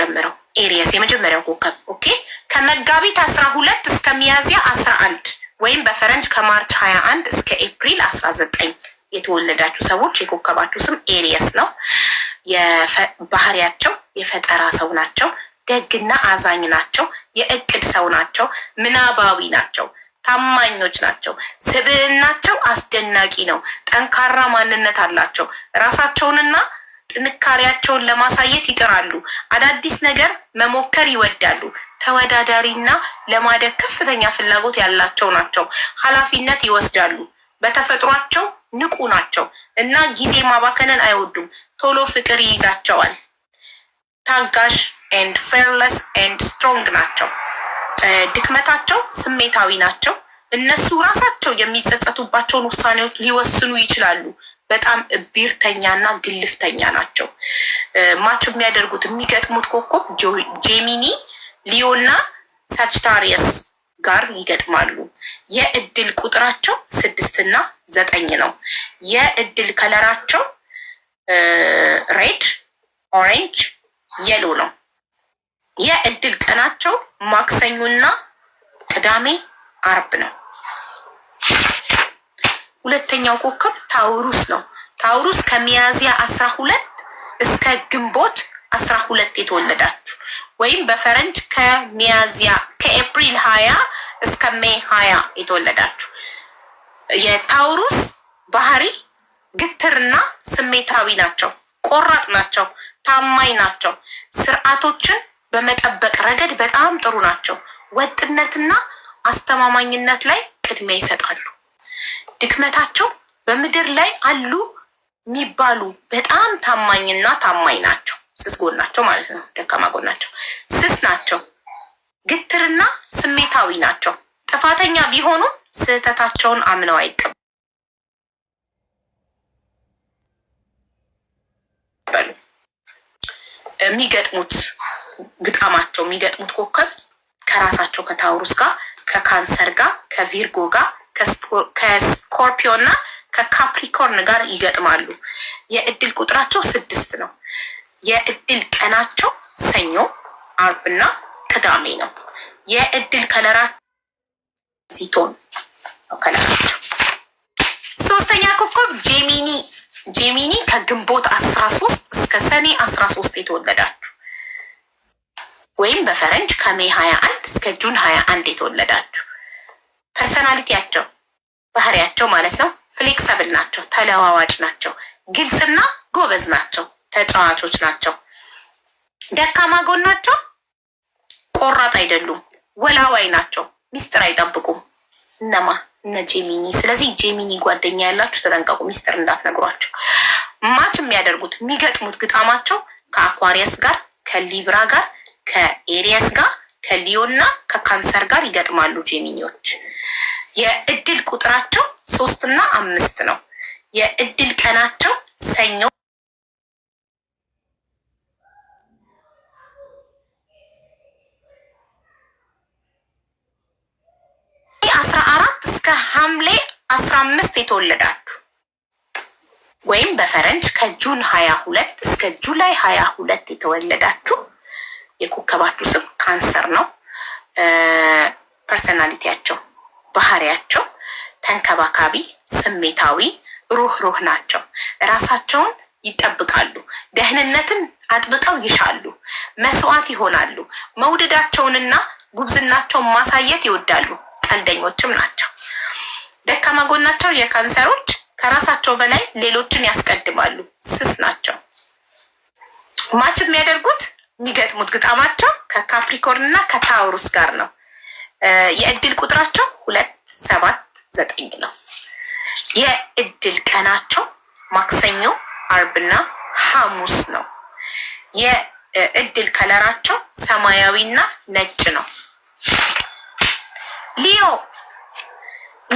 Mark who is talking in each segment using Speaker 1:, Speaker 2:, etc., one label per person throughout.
Speaker 1: የምጀምረው ኤሪየስ የመጀመሪያው ኮከብ ኦኬ። ከመጋቢት አስራ ሁለት እስከ ሚያዚያ አስራ አንድ ወይም በፈረንጅ ከማርች ሀያ አንድ እስከ ኤፕሪል አስራ ዘጠኝ የተወለዳችሁ ሰዎች የኮከባችሁ ስም ኤሪየስ ነው። ባህሪያቸው የፈጠራ ሰው ናቸው። ደግና አዛኝ ናቸው። የእቅድ ሰው ናቸው። ምናባዊ ናቸው። ታማኞች ናቸው። ስብዕናቸው አስደናቂ ነው። ጠንካራ ማንነት አላቸው። ራሳቸውንና ጥንካሬያቸውን ለማሳየት ይጥራሉ። አዳዲስ ነገር መሞከር ይወዳሉ። ተወዳዳሪና ለማደግ ከፍተኛ ፍላጎት ያላቸው ናቸው። ኃላፊነት ይወስዳሉ። በተፈጥሯቸው ንቁ ናቸው እና ጊዜ ማባከንን አይወዱም። ቶሎ ፍቅር ይይዛቸዋል። ታጋሽ ኤንድ ፌርለስ ኤንድ ስትሮንግ ናቸው። ድክመታቸው ስሜታዊ ናቸው። እነሱ ራሳቸው የሚጸጸቱባቸውን ውሳኔዎች ሊወስኑ ይችላሉ። በጣም እቢርተኛና ግልፍተኛ ናቸው። ማች የሚያደርጉት የሚገጥሙት ኮከብ ጄሚኒ፣ ሊዮ እና ሳጅታሪየስ ጋር ይገጥማሉ። የእድል ቁጥራቸው ስድስትና ዘጠኝ ነው። የእድል ከለራቸው ሬድ፣ ኦሬንጅ፣ የሎ ነው። የእድል ቀናቸው ማክሰኞና ቅዳሜ፣ አርብ ነው። ሁለተኛው ኮከብ ታውሩስ ነው። ታውሩስ ከሚያዚያ አስራ ሁለት እስከ ግንቦት አስራ ሁለት የተወለዳችሁ ወይም በፈረንጅ ከሚያዚያ ከኤፕሪል ሀያ እስከ ሜይ ሀያ የተወለዳችሁ የታውሩስ ባህሪ ግትርና ስሜታዊ ናቸው። ቆራጥ ናቸው። ታማኝ ናቸው። ስርዓቶችን በመጠበቅ ረገድ በጣም ጥሩ ናቸው። ወጥነትና አስተማማኝነት ላይ ቅድሚያ ይሰጣሉ። ድክመታቸው በምድር ላይ አሉ የሚባሉ በጣም ታማኝና ታማኝ ናቸው። ስስ ጎናቸው ማለት ነው፣ ደካማ ጎናቸው ስስ ናቸው። ግትርና ስሜታዊ ናቸው። ጥፋተኛ ቢሆኑም ስህተታቸውን አምነው አይቀበሉም። የሚገጥሙት ግጣማቸው የሚገጥሙት ኮከብ ከራሳቸው ከታውሩስ ጋር ከካንሰር ጋር ከቪርጎ ጋር ከስኮርፒዮ እና ከካፕሪኮርን ጋር ይገጥማሉ። የእድል ቁጥራቸው ስድስት ነው። የእድል ቀናቸው ሰኞ፣ አርብና ቅዳሜ ነው። የእድል ከለራቸው ሲቶን ነው ከለራቸው። ሶስተኛ ኮከብ ጄሚኒ ጄሚኒ ከግንቦት አስራ ሶስት እስከ ሰኔ አስራ ሶስት የተወለዳችሁ ወይም በፈረንጅ ከሜ ሀያ አንድ እስከ ጁን ሀያ አንድ የተወለዳችሁ ፐርሰናሊቲያቸው ባህሪያቸው ማለት ነው ፍሌክሰብል ናቸው፣ ተለዋዋጭ ናቸው፣ ግልጽና ጎበዝ ናቸው፣ ተጫዋቾች ናቸው። ደካማ ጎናቸው ቆራጥ አይደሉም፣ ወላዋይ ናቸው፣ ሚስጥር አይጠብቁም። እነማ እነ ጄሚኒ። ስለዚህ ጄሚኒ ጓደኛ ያላችሁ ተጠንቀቁ፣ ሚስጥር እንዳትነግሯቸው። ማች የሚያደርጉት የሚገጥሙት ግጣማቸው ከአኳሪየስ ጋር ከሊብራ ጋር ከኤሪየስ ጋር ከሊዮና ከካንሰር ጋር ይገጥማሉ ጄሚኒዎች። የእድል ቁጥራቸው ሶስት እና አምስት ነው። የእድል ቀናቸው ሰኞ አስራ አራት እስከ ሐምሌ አስራ አምስት የተወለዳችሁ ወይም በፈረንጅ ከጁን ሀያ ሁለት እስከ ጁላይ ሀያ ሁለት የተወለዳችሁ የኮከባችሁ ስም ካንሰር ነው። ፐርሰናሊቲያቸው ባህሪያቸው ተንከባካቢ፣ ስሜታዊ፣ ሩህሩህ ናቸው። ራሳቸውን ይጠብቃሉ። ደህንነትን አጥብቀው ይሻሉ። መስዋዕት ይሆናሉ። መውደዳቸውንና ጉብዝናቸውን ማሳየት ይወዳሉ። ቀልደኞችም ናቸው። ደካማ ጎናቸው የካንሰሮች ከራሳቸው በላይ ሌሎችን ያስቀድማሉ። ስስ ናቸው። ማች የሚያደርጉት የሚገጥሙት ግጣማቸው ከካፕሪኮርን እና ከታውሩስ ጋር ነው። የእድል ቁጥራቸው ሁለት ሰባት ዘጠኝ ነው። የእድል ቀናቸው ማክሰኞ፣ አርብና ሐሙስ ነው። የእድል ከለራቸው ሰማያዊና ነጭ ነው። ሊዮ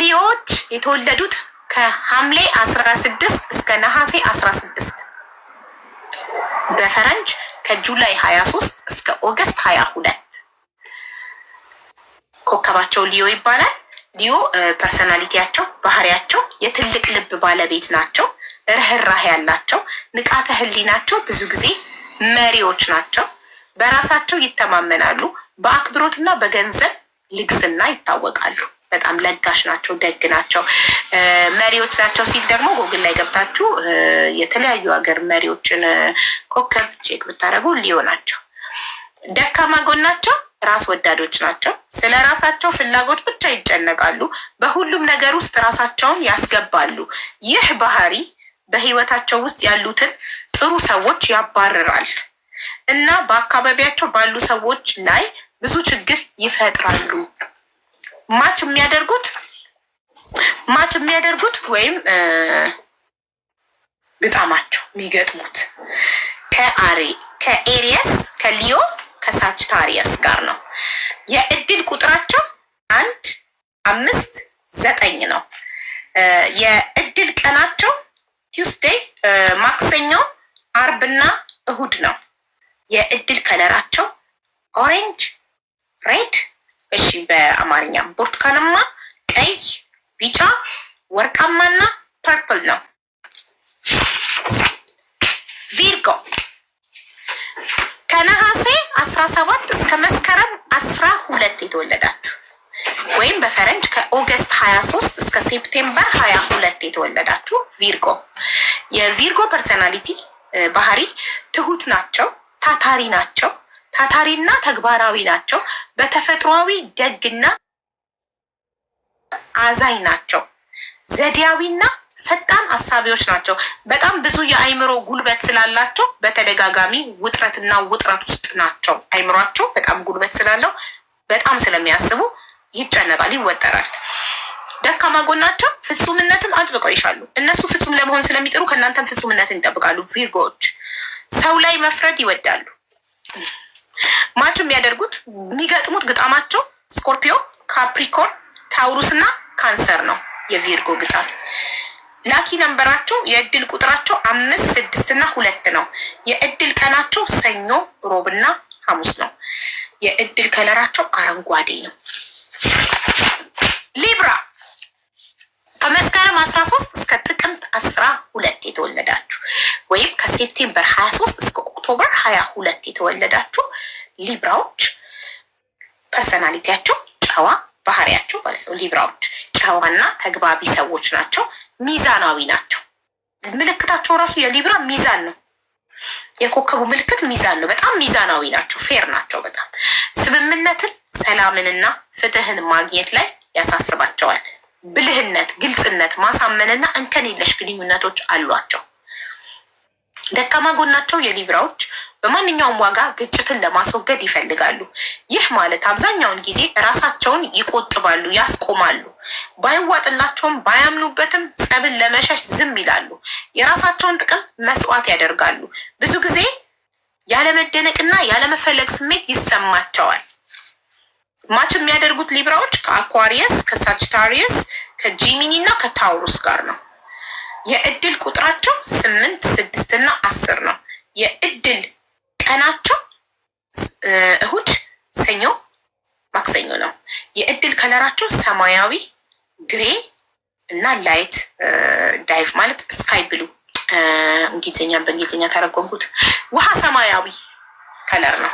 Speaker 1: ሊዮዎች የተወለዱት ከሐምሌ 16 እስከ ነሐሴ 16 በፈረንጅ ከጁላይ 23 እስከ ኦገስት 22 ቤተሰባቸው ሊዮ ይባላል። ሊዮ ፐርሰናሊቲያቸው፣ ባህሪያቸው የትልቅ ልብ ባለቤት ናቸው። ርህራህ ያላቸው፣ ንቃተ ህሊናቸው ብዙ ጊዜ መሪዎች ናቸው። በራሳቸው ይተማመናሉ። በአክብሮትና በገንዘብ ልግስና ይታወቃሉ። በጣም ለጋሽ ናቸው፣ ደግ ናቸው፣ መሪዎች ናቸው ሲል ደግሞ ጎግል ላይ ገብታችሁ የተለያዩ ሀገር መሪዎችን ኮከብ ቼክ ብታደርጉ ሊዮ ናቸው። ደካማ ጎናቸው ራስ ወዳዶች ናቸው። ስለ ራሳቸው ፍላጎት ብቻ ይጨነቃሉ። በሁሉም ነገር ውስጥ ራሳቸውን ያስገባሉ። ይህ ባህሪ በህይወታቸው ውስጥ ያሉትን ጥሩ ሰዎች ያባርራል እና በአካባቢያቸው ባሉ ሰዎች ላይ ብዙ ችግር ይፈጥራሉ። ማች የሚያደርጉት ማች የሚያደርጉት ወይም ግጣማቸው የሚገጥሙት ከአሬ ከኤሪየስ ከሊዮ ከሳች ታሪያስ ጋር ነው። የእድል ቁጥራቸው አንድ አምስት ዘጠኝ ነው። የእድል ቀናቸው ቲውስዴይ፣ ማክሰኞ፣ አርብና እሁድ ነው። የእድል ከለራቸው ኦሬንጅ፣ ሬድ እሺ፣ በአማርኛ ብርቱካናማ፣ ቀይ፣ ቢጫ፣ ወርቃማና ፐርፕል ነው። ቪርጎ ከነሐሴ አስራ ሰባት እስከ መስከረም አስራ ሁለት የተወለዳችሁ ወይም በፈረንጅ ከኦገስት ሀያ ሶስት እስከ ሴፕቴምበር ሀያ ሁለት የተወለዳችሁ ቪርጎ። የቪርጎ ፐርሰናሊቲ ባህሪ ትሁት ናቸው፣ ታታሪ ናቸው። ታታሪና ተግባራዊ ናቸው። በተፈጥሯዊ ደግና አዛኝ ናቸው። ዘዴያዊና ፈጣን አሳቢዎች ናቸው። በጣም ብዙ የአይምሮ ጉልበት ስላላቸው በተደጋጋሚ ውጥረትና ውጥረት ውስጥ ናቸው። አይምሯቸው በጣም ጉልበት ስላለው በጣም ስለሚያስቡ ይጨነቃል፣ ይወጠራል። ደካማ ጎናቸው ፍጹምነትን አጥብቀው ይሻሉ። እነሱ ፍጹም ለመሆን ስለሚጥሩ ከእናንተም ፍጹምነትን ይጠብቃሉ። ቪርጎዎች ሰው ላይ መፍረድ ይወዳሉ። ማች የሚያደርጉት የሚገጥሙት ግጣማቸው ስኮርፒዮ፣ ካፕሪኮን፣ ታውሩስ እና ካንሰር ነው የቪርጎ ግጣም ላኪ ነንበራቸው የእድል ቁጥራቸው አምስት ስድስት እና ሁለት ነው። የእድል ቀናቸው ሰኞ፣ ሮብና ሐሙስ ነው። የእድል ከለራቸው አረንጓዴ ነው። ሊብራ ከመስከረም አስራ ሶስት እስከ ጥቅምት አስራ ሁለት የተወለዳችሁ ወይም ከሴፕቴምበር ሀያ ሶስት እስከ ኦክቶበር ሀያ ሁለት የተወለዳችሁ ሊብራዎች ፐርሰናሊቲያቸው ጨዋ ባህሪያቸው ማለት ነው። ሊብራዎች ጨዋና ተግባቢ ሰዎች ናቸው። ሚዛናዊ ናቸው። ምልክታቸው ራሱ የሊብራ ሚዛን ነው። የኮከቡ ምልክት ሚዛን ነው። በጣም ሚዛናዊ ናቸው። ፌር ናቸው። በጣም ስምምነትን፣ ሰላምንና ፍትህን ማግኘት ላይ ያሳስባቸዋል። ብልህነት፣ ግልጽነት፣ ማሳመንና እንከን የለሽ ግንኙነቶች አሏቸው። ደካማ ጎናቸው የሊብራዎች በማንኛውም ዋጋ ግጭትን ለማስወገድ ይፈልጋሉ። ይህ ማለት አብዛኛውን ጊዜ ራሳቸውን ይቆጥባሉ፣ ያስቆማሉ። ባይዋጥላቸውም ባያምኑበትም ጸብን ለመሸሽ ዝም ይላሉ። የራሳቸውን ጥቅም መስዋዕት ያደርጋሉ። ብዙ ጊዜ ያለመደነቅና ያለመፈለግ ስሜት ይሰማቸዋል። ማች የሚያደርጉት ሊብራዎች ከአኳሪየስ፣ ከሳጅታሪየስ፣ ከጂሚኒ እና ከታውሩስ ጋር ነው። የእድል ቁጥራቸው ስምንት ስድስት እና አስር ነው። የእድል ቀናቸው እሁድ፣ ሰኞ፣ ማክሰኞ ነው። የእድል ከለራቸው ሰማያዊ፣ ግሬ እና ላይት ዳይቭ ማለት ስካይ ብሉ እንግሊዝኛ በእንግሊዝኛ ተረጎምኩት። ውሃ ሰማያዊ ከለር ነው።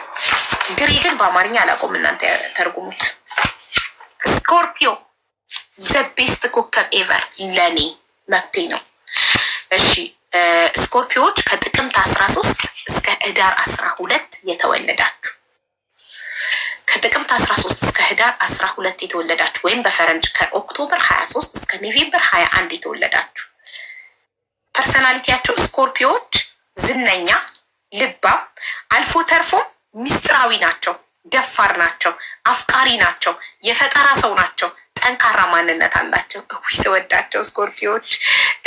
Speaker 1: ግሬ ግን በአማርኛ አላውቀውም፣ እናንተ ተርጉሙት። ስኮርፒዮ ዘ ቤስት ኮከብ ኤቨር ለኔ መብቴ ነው። እሺ ስኮርፒዎች ከጥቅምት አስራ ሶስት እስከ ህዳር አስራ ሁለት የተወለዳችሁ ከጥቅምት 13 እስከ ህዳር 12 የተወለዳችሁ ወይም በፈረንጅ ከኦክቶበር 23 እስከ ሀያ አንድ የተወለዳችሁ ፐርሰናሊቲያቸው ስኮርፒዮች ዝነኛ፣ ልባም፣ አልፎ ተርፎም ሚስጥራዊ ናቸው። ደፋር ናቸው። አፍቃሪ ናቸው። የፈጠራ ሰው ናቸው። ጠንካራ ማንነት አላቸው። እዊ ስወዳቸው ስኮርፒዎች።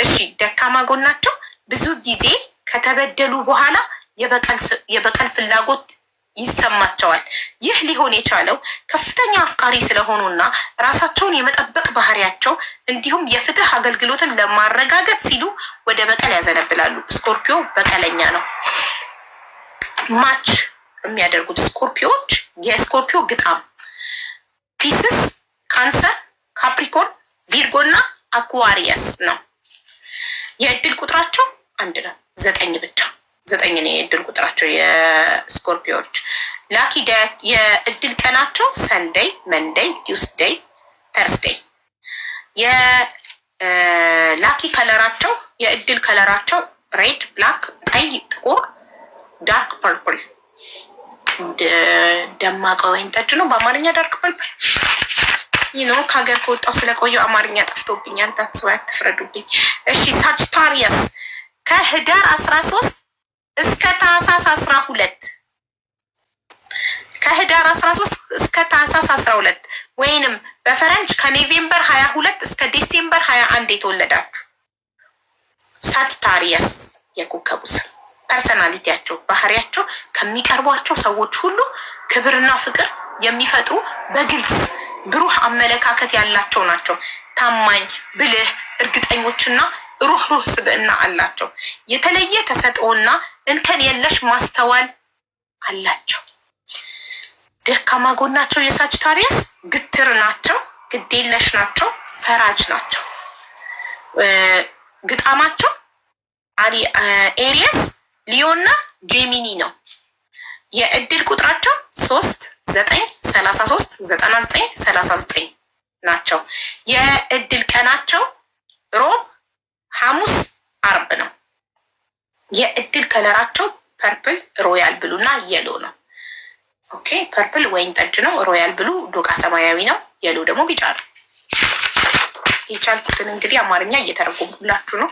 Speaker 1: እሺ ደካማ ጎናቸው ብዙ ጊዜ ከተበደሉ በኋላ የበቀል ፍላጎት ይሰማቸዋል። ይህ ሊሆን የቻለው ከፍተኛ አፍቃሪ ስለሆኑና ራሳቸውን የመጠበቅ ባህሪያቸው እንዲሁም የፍትህ አገልግሎትን ለማረጋገጥ ሲሉ ወደ በቀል ያዘነብላሉ። ስኮርፒዮ በቀለኛ ነው። ማች የሚያደርጉት ስኮርፒዮች የስኮርፒዮ ግጣም ፒስስ ካንሰር፣ ካፕሪኮን፣ ቪርጎ እና አኩዋሪየስ ነው። የእድል ቁጥራቸው አንድ ነው፣ ዘጠኝ ብቻ ዘጠኝ ነው የእድል ቁጥራቸው የስኮርፒዮች። ላኪ የእድል ቀናቸው ሰንደይ፣ መንደይ፣ ቲውስደይ፣ ተርስደይ። የላኪ ከለራቸው የእድል ከለራቸው ሬድ፣ ብላክ፣ ቀይ፣ ጥቁር፣ ዳርክ ፐርፕል ደማቀ ወይን ጠጅ ነው በአማርኛ ዳርክ ፐርፕል ይኖ ከሀገር ከወጣው ስለቆየው አማርኛ ጠፍቶብኝ፣ ጠፍቶብኛል። ሰው አትፍረዱብኝ እሺ። ሳጅታሪየስ ከህዳር አስራ ሶስት እስከ ታህሳስ አስራ ሁለት ከህዳር አስራ ሶስት እስከ ታህሳስ ሁለት ወይንም በፈረንጅ ከኔቬምበር ሀያ ሁለት እስከ ዲሴምበር ሀያ አንድ የተወለዳችሁ ሳጅታሪየስ የኮከቡ ስም ፐርሰናሊቲያቸው፣ ባህሪያቸው ከሚቀርቧቸው ሰዎች ሁሉ ክብርና ፍቅር የሚፈጥሩ በግልጽ ብሩህ አመለካከት ያላቸው ናቸው። ታማኝ፣ ብልህ፣ እርግጠኞችና ሩህ ሩህ ስብዕና አላቸው። የተለየ ተሰጥኦና እንከን የለሽ ማስተዋል አላቸው። ደካማ ጎናቸው የሳጅታሪየስ ግትር ናቸው፣ ግዴለሽ ናቸው፣ ፈራጅ ናቸው። ግጣማቸው ኤሪየስ ሊዮና ጄሚኒ ነው። የእድል ቁጥራቸው ሶስት ዘጠኝ ሰላሳ ሶስት ዘጠና ዘጠኝ ሰላሳ ዘጠኝ ናቸው። የእድል ቀናቸው ሮብ፣ ሐሙስ፣ አርብ ነው። የእድል ከለራቸው ፐርፕል፣ ሮያል ብሉ እና የሎ ነው። ኦኬ ፐርፕል ወይን ጠጅ ነው። ሮያል ብሉ ዶቃ ሰማያዊ ነው። የሎ ደግሞ ቢጫ ነው። የቻልኩትን እንግዲህ አማርኛ እየተረጉሙላችሁ ነው።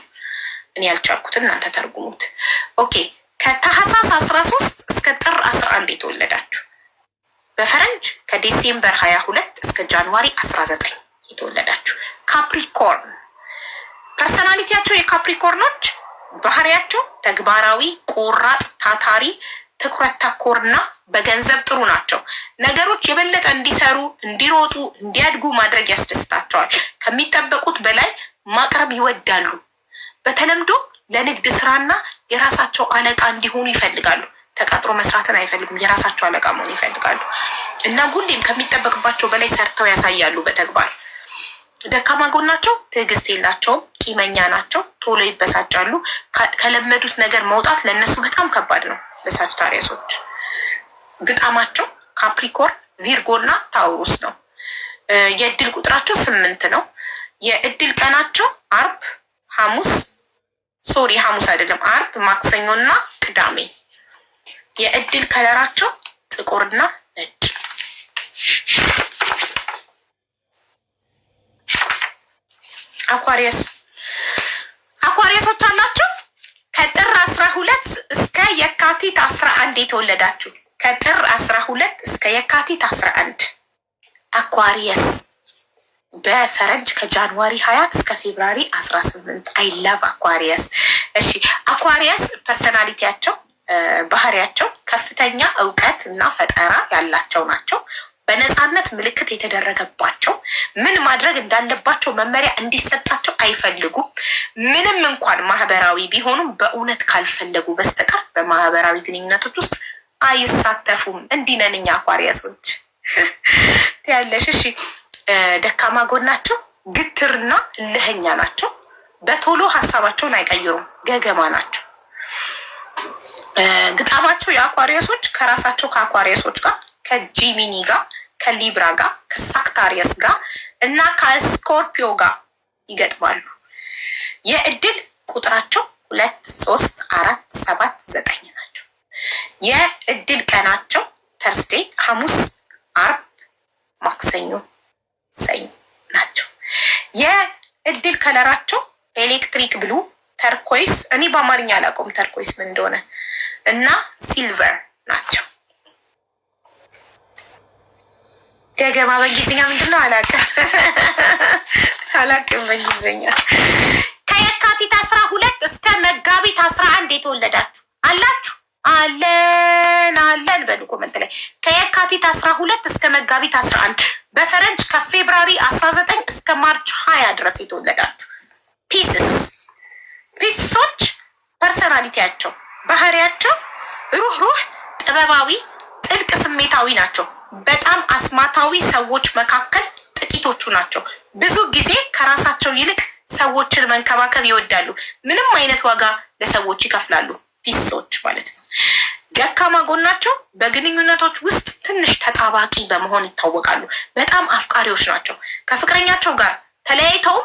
Speaker 1: እኔ ያልቻልኩትን እናንተ ተርጉሙት። ኦኬ ከታህሳስ አስራ ሶስት እስከ ጥር አስራ አንድ የተወለዳችሁ በፈረንጅ ከዲሴምበር 22 እስከ ጃንዋሪ 19 የተወለዳችሁ ካፕሪኮርን ፐርሰናሊቲያቸው የካፕሪኮርኖች ባህሪያቸው ተግባራዊ፣ ቆራጥ፣ ታታሪ፣ ትኩረት ተኮርና በገንዘብ ጥሩ ናቸው። ነገሮች የበለጠ እንዲሰሩ፣ እንዲሮጡ፣ እንዲያድጉ ማድረግ ያስደስታቸዋል። ከሚጠበቁት በላይ ማቅረብ ይወዳሉ። በተለምዶ ለንግድ ስራና የራሳቸው አለቃ እንዲሆኑ ይፈልጋሉ። ተቀጥሮ መስራትን አይፈልጉም። የራሳቸው አለቃ መሆን ይፈልጋሉ። እና ሁሌም ከሚጠበቅባቸው በላይ ሰርተው ያሳያሉ በተግባር ደካማ ጎናቸው ትዕግስት የላቸውም፣ ቂመኛ ናቸው፣ ቶሎ ይበሳጫሉ። ከለመዱት ነገር መውጣት ለእነሱ በጣም ከባድ ነው። ለሳጅታሪያሶች ግጣማቸው ካፕሪኮርን፣ ቪርጎና ታውሩስ ነው። የእድል ቁጥራቸው ስምንት ነው። የእድል ቀናቸው አርብ፣ ሐሙስ ሶሪ ሐሙስ አይደለም አርብ፣ ማክሰኞና ቅዳሜ የእድል ከለራቸው ጥቁርና ነጭ። አኳሪየስ አኳሪየሶች አላችሁ ከጥር አስራ ሁለት እስከ የካቲት አስራ አንድ የተወለዳችሁ ከጥር አስራ ሁለት እስከ የካቲት አስራ አንድ አኳሪየስ በፈረንጅ ከጃንዋሪ ሀያ እስከ ፌብራሪ አስራ ስምንት አይ ላቭ አኳሪየስ። እሺ አኳሪየስ ፐርሰናሊቲያቸው ባህሪያቸው ከፍተኛ እውቀት እና ፈጠራ ያላቸው ናቸው። በነፃነት ምልክት የተደረገባቸው ምን ማድረግ እንዳለባቸው መመሪያ እንዲሰጣቸው አይፈልጉም። ምንም እንኳን ማህበራዊ ቢሆኑም በእውነት ካልፈለጉ በስተቀር በማህበራዊ ግንኙነቶች ውስጥ አይሳተፉም። እንዲህ ነን እኛ አኳሪያሶች ያለሽ። እሺ፣ ደካማ ጎናቸው ግትርና ልህኛ ናቸው። በቶሎ ሀሳባቸውን አይቀይሩም። ገገማ ናቸው። ግጣባቸው የአኳሪየሶች ከራሳቸው ከአኳሪየሶች ጋር ከጂሚኒ ጋር ከሊብራ ጋር ከሳክታሪየስ ጋር እና ከስኮርፒዮ ጋር ይገጥማሉ። የእድል ቁጥራቸው ሁለት፣ ሶስት፣ አራት፣ ሰባት፣ ዘጠኝ ናቸው። የእድል ቀናቸው ተርስዴ፣ ሐሙስ፣ አርብ፣ ማክሰኞ፣ ሰኞ ናቸው። የእድል ከለራቸው ኤሌክትሪክ ብሉ፣ ተርኮይስ እኔ በአማርኛ አላውቀውም ተርኮይስ ምን እንደሆነ እና ሲልቨር ናቸው። ገገማ በእንግሊዝኛ ምንድን አላቀ አላቅም በእንግሊዝኛ። ከየካቲት አስራ ሁለት እስከ መጋቢት አስራ አንድ የተወለዳችሁ አላችሁ አለን አለን በሉ ኮመንት ላይ ከየካቲት አስራ ሁለት እስከ መጋቢት አስራ አንድ በፈረንጅ ከፌብራሪ አስራ ዘጠኝ እስከ ማርች ሀያ ድረስ የተወለዳችሁ ፒስስ ፒስሶች ፐርሰናሊቲያቸው ባህሪያቸው ሩህሩህ፣ ጥበባዊ፣ ጥልቅ ስሜታዊ ናቸው። በጣም አስማታዊ ሰዎች መካከል ጥቂቶቹ ናቸው። ብዙ ጊዜ ከራሳቸው ይልቅ ሰዎችን መንከባከብ ይወዳሉ። ምንም አይነት ዋጋ ለሰዎች ይከፍላሉ። ፊሶች ማለት ነው። ደካማ ጎናቸው በግንኙነቶች ውስጥ ትንሽ ተጣባቂ በመሆን ይታወቃሉ። በጣም አፍቃሪዎች ናቸው። ከፍቅረኛቸው ጋር ተለያይተውም